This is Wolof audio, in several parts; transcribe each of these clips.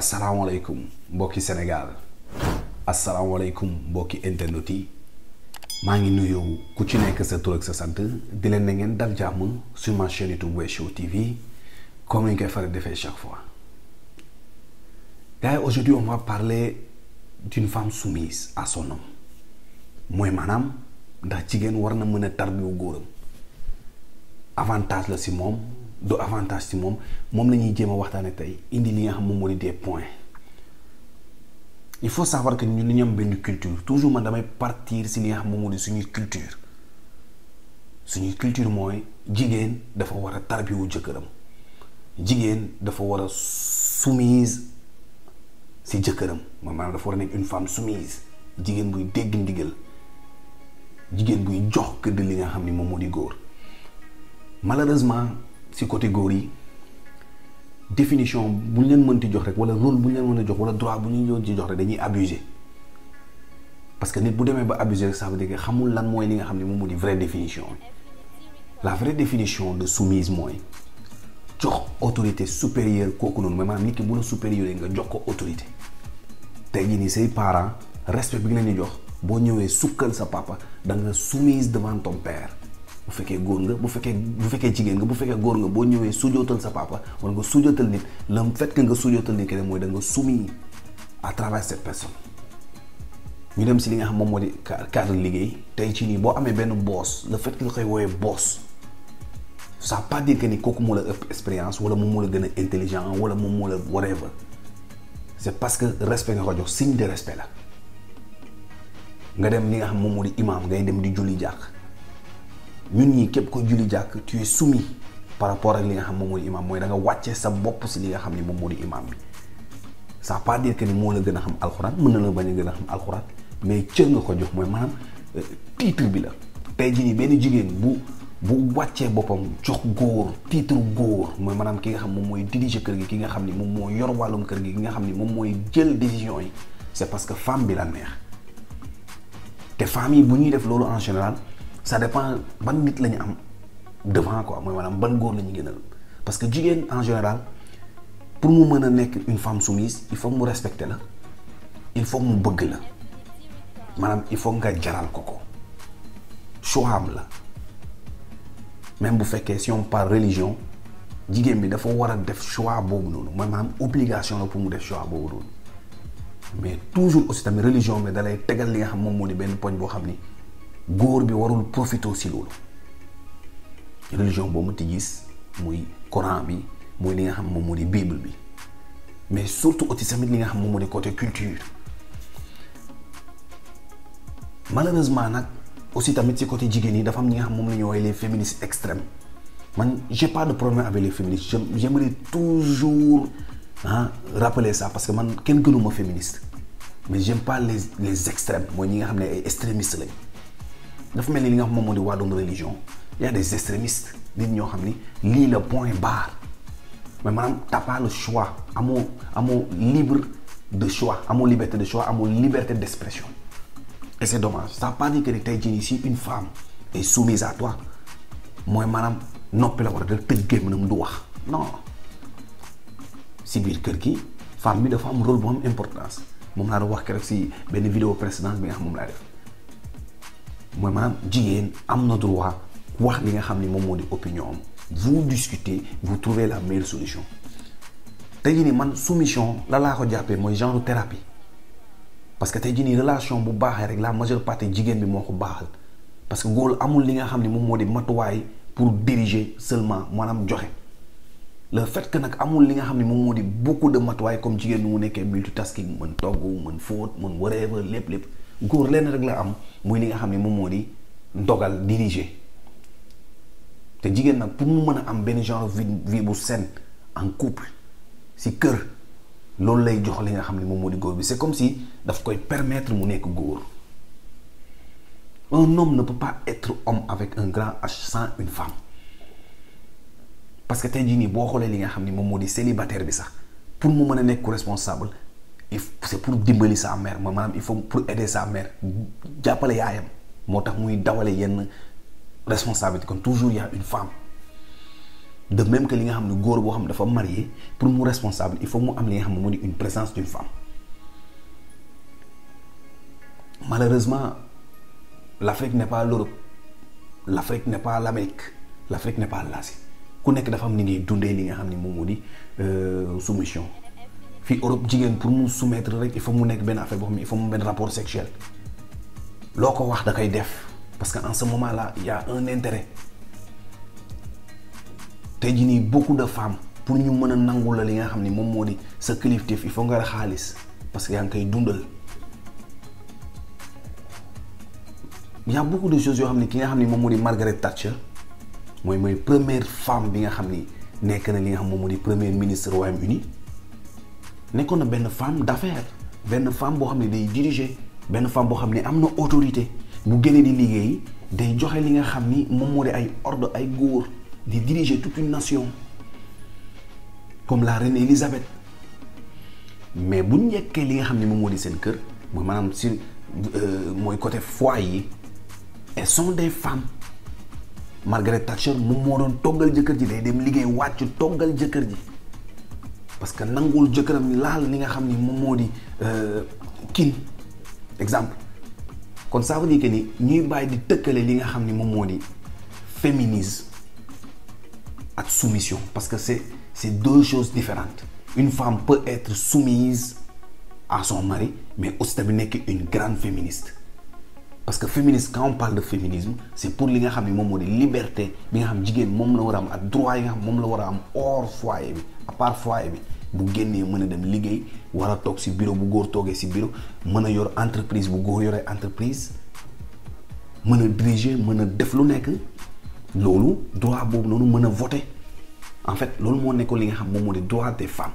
asalaamaaleykum mbokki Sénégal asalaamaaleykum mbokki internet yi maa ngi nuyu ku ci nekk sa tur sa sant di leen na ngeen dal jàmm sur ma chaîne YouTube Show TV comme ni ñu koy faral defee chaque fois gars yi aujourd'hui on va parler d'une femme soumise à son mooy maanaam ndax jigéen war na mën a tarbiwu góoram avantage la si moom du avantage si moom moom la ñuy jéem a waxtaane tey indi li nga xam moom moo di des points il faut savoir que ñun dañu am benn culture toujours man damay partir si li nga xam moom moo di suñuy culture suñuy culture mooy jigéen dafa war a tarbiwu jëkkëram jigéen dafa war a soumise si jëkkëram moom maanaam dafa war a nekk une femme soumise jigéen buy dégg ndigal jigéen buy jox këdd li nga xam ni moom moo di góor si côté góor yi définition bu ñu leen mënti jox rek wala rôle bu ñu leen mën a jox wala droit bu ñu leen ci jox rek dañuy abuser parce que nit bu demee ba abuser sax ça veut xamul lan mooy li nga xam ne moom moo di vraie définition la vraie définition de soumise mooy jox autorité supérieure kooku noonu mais am nit ki bu la supérieur nga jox ko autorité tey jii ni say parent respect bi nga leen di jox boo ñëwee sukkal sa papa da nga soumise devant ton père. bu fekkee góor nga bu fekkee bu fekkee jigéen nga bu fekkee góor nga boo ñëwee sujootal sa papa wala nga sujootal nit le fait que nga sujootal nit keneen mooy da nga soumis à travers cette personne. ñu dem si li nga xam moom moo di cadre liggéey tey ci nii boo amee benn boss le fait que koy woowee boss ça veut pas dire que kooku moo la ëpp expérience wala moom moo la gën a intelligent wala moom moo la whatever c'est parce que respect nga ko jox signe de respect la nga dem li nga xam moom moo di imam ngay dem di julli jàkk ñun ñii képp ko julli jàkk tu es soumis par rapport ak li nga xam moom mooy di imaam mooy da nga wàcce sa bopp si li nga xam ne moo di imaam bi ça ni moo la gën a xam alxuraan mën na la bañ gën xam alxuraan mais cër ko jox mooy maanaam euh, titre bi la tey benn jigéen bu bu wàccee boppam jox góor titre góor mooy maanaam ki nga xam moom mooy diriger kër gi ki nga xam ni moom moo yor wàllum kër gi ki nga xam ni moom mooy jël décision yi c'est parce que femme bi la neex te femme yi bu ñuy def loolu en général ça dépend ban nit la ñu am devant quoi mooy maanaam ban góor la ñu gënal parce que jigéen en général pour mu mën a nekk une femme soumise il faut mu respecter la il faut mu bëgg la maanaam il faut nga jaral ko ko choix am la même bu fekkee si on par religion jigéen bi dafa war a def choix boobu noonu mooy maanaam obligation la pour mu def choix boobu noonu mais toujours aussi tamit religion bi da tegal li nga xam moom moo di benn poñ boo xam ni. góor bi warul profitoo si loolu religion boo mënti gis muy Coran bi muy li nga xam moom moo di Bible bi mais surtout aussi tamit li nga xam moom moo di côté culture malheureusement nag aussi tamit si côté jigéen yi dafa ñi nga xam moom la ñu woowee les féministes extrêmes man j'ai pas de problème avec les féministes j'aimerais toujours ah rappeler ça parce que man kenn gënuma féministe mais j'aime pas les les extrêmes mooy ñi nga xam ne ay extrémistes lañ dafa mel ni li nga xam moom moo di wàllum religion y a des extrémistes nit ñoo xam ni lii la point barre mais maanaam t'as pas choix amoo amoo libre de choix amul liberté de choix amoo liberté et c'est dommage ça pas que ni tey jii nii si une femme est soumise à toi mooy maanaam noppi la war a def tëj gémminam du wax non si biir kër gi femme bi dafa am rôle bu am importance moom laa doon wax keroog si benn vidéo précédente bi nga xam moom laa def mooy maanaam jigéen am na droit wax li nga xam ni moom moo di opinion am vous discutez vous trouvez la meilleure solution tey jii ni man soumission la laa ko jàppee mooy genre thérapie parce que te jii nii relation bu baaxee rek la majeure partie jigéen bi moo ko baaxal parce que góor amul li nga xam ni moom moo di matuwaay pour diriger seulement maanaam joxe la fait que nag amul li nga xam ne moom moo di beaucoup de matuwaay comme jigéen bi mu nekkee multitasking mën togg mën fóot mën wëreeva lépp lépp góor lenn rek la am muy li nga xam ne moom moo di ndogal diriger te jigéen nag pour mu mën a am benn genre vie vie bu saine en couple si kër loolu lay jox li nga xam ne moom moo di góor bi c'est comme si daf koy permettre mu nekk góor un homme na peut pas être homme avec un grand H sans une femme parce que tey jii nii boo xoolee li nga xam ni moom moo di célibataire bi sax pour mu mën a nekk responsable c'est pour dimbali sa mère ma maanaam il faut pour aider sa mère jàppale yaayam moo tax muy dawale yenn responsabilité kon toujours y a une femme de même que li nga xam ne góor boo xam ne dafa marié pour mu responsable il faut mu am li nga xam ne moo di une présence d'une femme malheureusement l'Afrique n'est pas l'Europe l'Afrique n'est pas l'Amérique l'Afrique n'est ku nekk dafa am ni ngay dundee li nga xam ne moom moo di euh, soumission fii Europe jigéen pour mu soumettre rek il faut mu nekk benn affaire boo xam ne il faut mu benn rapport sexuel loo ko wax da koy def parce que en ce moment là il y un intérêt tey jii nii beaucoup de femmes pour ñu mën a nangu la li nga xam ni moom moo di sa kilifteef il faut nga xaalis parce que yaa ngi koy dundal y a beaucoup de choses yoo xam ni ki nga xam ni moom moo di Margaret Thatcher mooy mooy première femme bi nga xam ni nekk na li nga xam moom moo di premier ministre Royaume-Uni nekkoon na benn femme d'affaires benn femme boo xam ne day diriger benn femme boo xam ne am na autorité bu génnee di liggéey day joxe li nga xam ni moom moo di ay ordre ay góor di diriger toute une nation comme la reine Elisabeth mais bu njëkkee li nga xam ne moom moo di seen kër mooy maanaam sur euh, mooy côté foyer yi elles sont des femmes Margaret Thatcher moom moo doon toggal jëkkër ji day dem liggéey wàcc toggal jëkkër ji. parce que nanguwul jëkkëram laal li nga xam ni moom moo di euh, kin exemple kon ça veut dire que ni ñuy bàyyi di tëkkale li nga xam ni moom moo di féminisme ak soumission parce que c'est c'est deux choses différentes une femme peut être soumise à son mari mais aussi tamit nekk une grande féministe parce que féministe quand on parle de féminisme c'est pour li nga xam ni moom moo di liberté bi nga xam jigéen moom la war a am ak droit yi nga xam moom la war a am hors foyer bi à part foyer bi bu génnee mën a dem liggéey war a toog si bureau bu góor toogee si bureau mën a yor entreprise bu góor yoree entreprise mën a diriger mën a def lu nekk loolu droit boobu noonu mën a voter en fait loolu moo nekkoon li nga xam moom moo di droit des femmes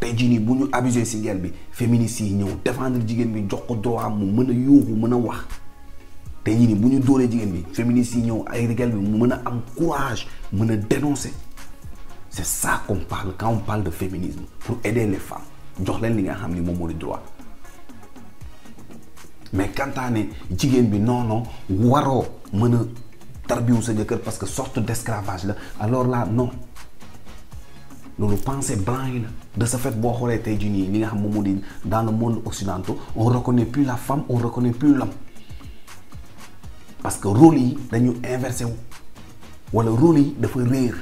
tey jii nii bu ñu abusé si guerre bi féministes yi ñëw défendre jigéen bi jox ko droit mu mën a yuuxu mën a wax tey jii nii bu ñu doolee jigéen bi féministes yi ñëw ay guerre bi mu mën a am courage mën a dénoncer c'est ça qu'on parle quand on de féminisme pour aider les femmes jox leen li nga xam ni moom moo di droit mais kantaane jigéen bi noonu non waroo mën a tarbiwu sa jëkkër parce que sorte d'esclavage la alors là non loolu pensée blanc yi la de ce fait boo xoolee tey jii nii li nga xam moom moo di dans le monde occidental on reconnaît plus la femme on reconnaît plus l'homme parce que rôle yi dañu inversé wu wala yi dafa réer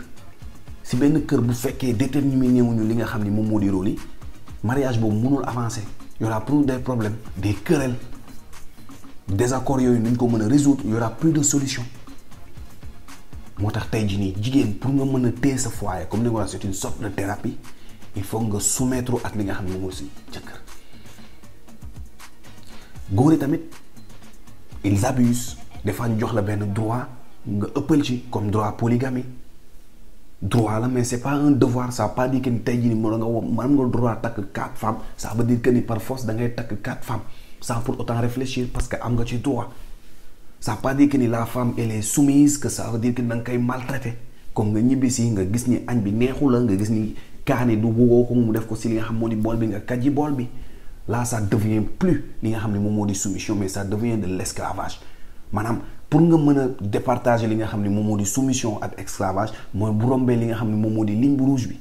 si benn kër bu fekkee déterminé wuñu li nga xam ni moom moo di rôle yi mariage boobu mënul avancer y aura problème des problèmes des querelles désaccords yooyu nuñ ko mën a résoudre y aura plus de solution moo tax tey jii nii jigéen pour nga mën a téye sa foyer comme ni nga wax c'est une sorte de thérapie il faut nga soumettre ak li nga xam ne moom si jëkkër góor yi tamit ils abusent des jox la benn droit nga ëppal ci comme droit polygamie droit la mais c'est pas un devoir ça pas dire que ni tey jii nii mën nga wo mën nga droit takk quatre femmes ça veut dire par force da ngay takk quatre femmes sans pour autant réfléchir parce que am nga ci droit. ça veut pas dire que ni la femme elle est soumise que ça veut dire que da nga koy comme nga ñibbi si nga gis ni añ bi neexu la nga gis ni kaani du wugoo ko mu def ko si li nga xam moo di bool bi nga kaj yi bi là ça devient plus nga xam ne moom moo di soumission mais ça devient de l' esclavage maanaam pour nga mën a départage li nga xam ne moom moo di soumission ak esclavage mooy bu rombee li nga xam ne moom moo di ligne bu rouge bi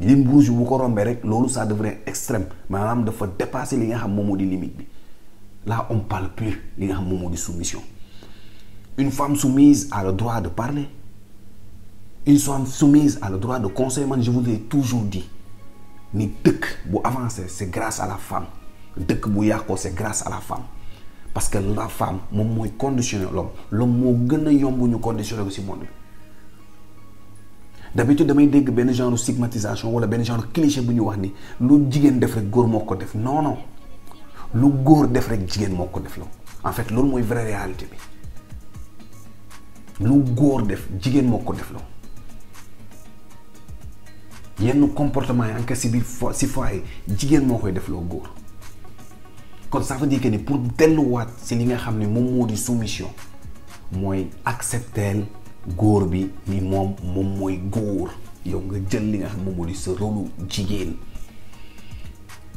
ligne bu rouge bi bu ko rombee rek loolu sa devient extrême maanaam dafa dépasser li nga xam moom di limite bi là on parle plus li nga xam moom moo di soumission une femme soumise à le droit de parler une femme soumise a le droit de conseiller man toujours dit ni dëkk bu avancé c'est grâce à la femme dëkk bu yàqoo c'est grâce à la femme parce que la femme moom mooy conditionner l'homme l'homme moo gën a yomb ñu conditionner ko ci monde bi d'habitude damay dégg benn genre stigmatisation wala benn genre cliché bu ñu wax ni lu jigéen def rek góor moo ko def non lu góor def rek jigéen moo ko def la en fait loolu mooy vraie réalité bi lu góor def jigéen moo ko def la yenn comportement yi en si biir fo si foyer jigéen moo koy def loo góor kon ça veut dire que ni pour delluwaat si li nga xam ne moom moo di soumission mooy accepteel góor bi ni moom moom mooy góor yow nga jël li nga xam moom moo di sa rôlu jigéen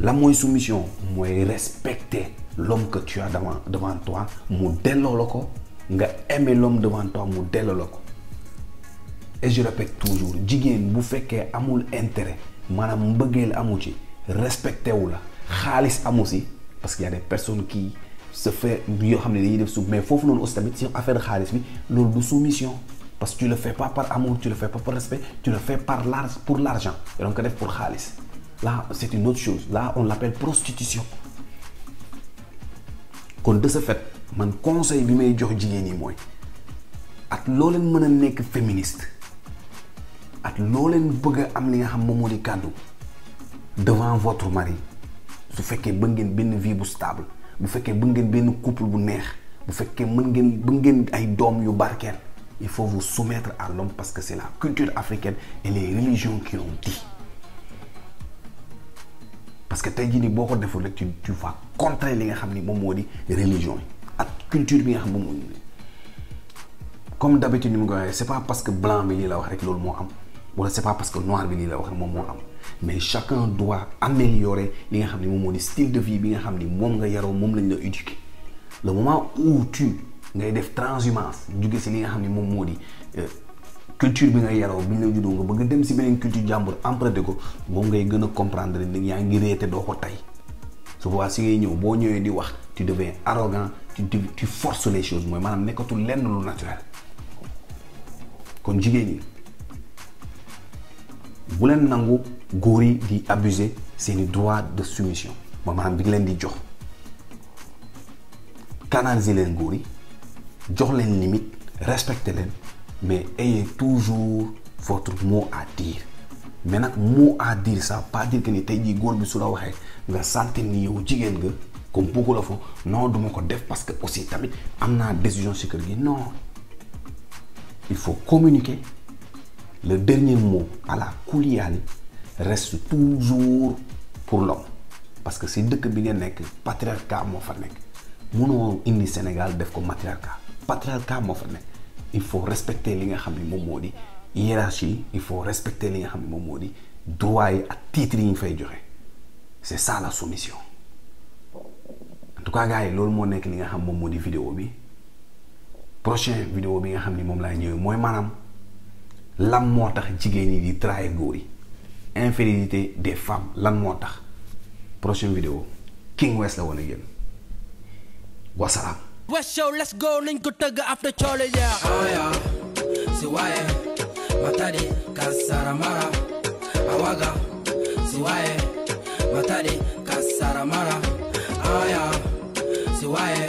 la mooy soumission mooy respecter l'homme que tu as devant devant toi mu delloo la ko nga aimer l'homme devant toi mu delloo la ko et je répète toujours jigéen bu fekkee amul intérêt maanaam mbëggeel amu ci respecté wu la xaalis amu si parce qu'il y a des personnes qui se fait yoo xam ne dañuy def sub mais foofu noonu aussi tamit si affaire xaalis bi loolu du soumission parce que tu le fais pas par amour tu le fais pas par respect tu le fais par l'ar pour def pour xaalis laa c'est une autre chose là on l'appelle prostitution kon de ce fait man conseil bi may jox jigéen yi mooy at loo leen mën a nekk féministe at loo leen bëgg am li nga xam moom moo di kàddu devant votre mari su fekkee ba ngeen benn vie bu stable bu fekkee ba ngeen benn couple bu neex bu fekkee mën ngeen ba ngeen ay doom yu barkeel il faut vous soumettre à l'homme parce que c'est la culture africaine et les religions qui l'ont dit parce que tey jii nii boo ko deful rek tu tu vas contrer li nga xam ni moom moo di religion yi ak culture bi nga xam moom moo ñu comme d'habitude ni mu waxee c'est pas que blanc bi wax rek loolu moo am wala c'est que noir bi wax rek moom moo am mais chacun doit améliorer li nga xam ni moom moo di style de vie bi nga xam ni moom nga yaroo moom lañ la éduquer le moment où tu ngay def transhumance jóge si li nga xam ni moom moo di. Euh, culture bi nga yaroo bi ñu la juddoo nga bëgg dem si beneen culture jàmbur emprunté ko boobu ngay gën a comprendre ni yaa ngi te doo ko tey su boobaa si ngay ñëw boo ñëwee di wax tu deviens arrogant tu tu forces les choses mooy maanaam nekkatul lenn lu naturel kon jigéen ñi bu leen nangu góor yi di abuser seeni droit de soumission mooy maanaam bi nga leen di jox canaliser leen góor yi jox leen limite respecter leen. mais ayez toujours votre mot à dire mais nag mot à dire ça pas dire tey jii góor bi su la waxee nga sentir ni yow jigéen nga comme bëggu la fo non duma ko def parce que aussi tamit am naa décision si kër gi non il faut communiquer le dernier mot à la kuliyaali reste toujours pour l'homme parce que si dëkk bi nga nekk patriarcat moo fa nekk mënoo indi Sénégal def ko matriarcat patriarcat moo fa nekk il faut respecter li nga xam ni moom moo di hiérarchie il faut respecter li nga xam ne moom moo di droit yi ak titres yi ñu fay joxe c'est ça la soumission en tout cas loolu moo nekk li nga xam moom moo di vidéo bi prochain vidéo bi nga xam ni moom laa ñëwee mooy maanaam lan moo tax jigéen ñi di trahir góor yi infidélité des femmes lan moo tax prochaine vidéo King West la woon a génn West Show let's go nañ ko tëgg after coole yaa oh, aya si matadi kasaramara awaga si matadi kasaramara oh, aya si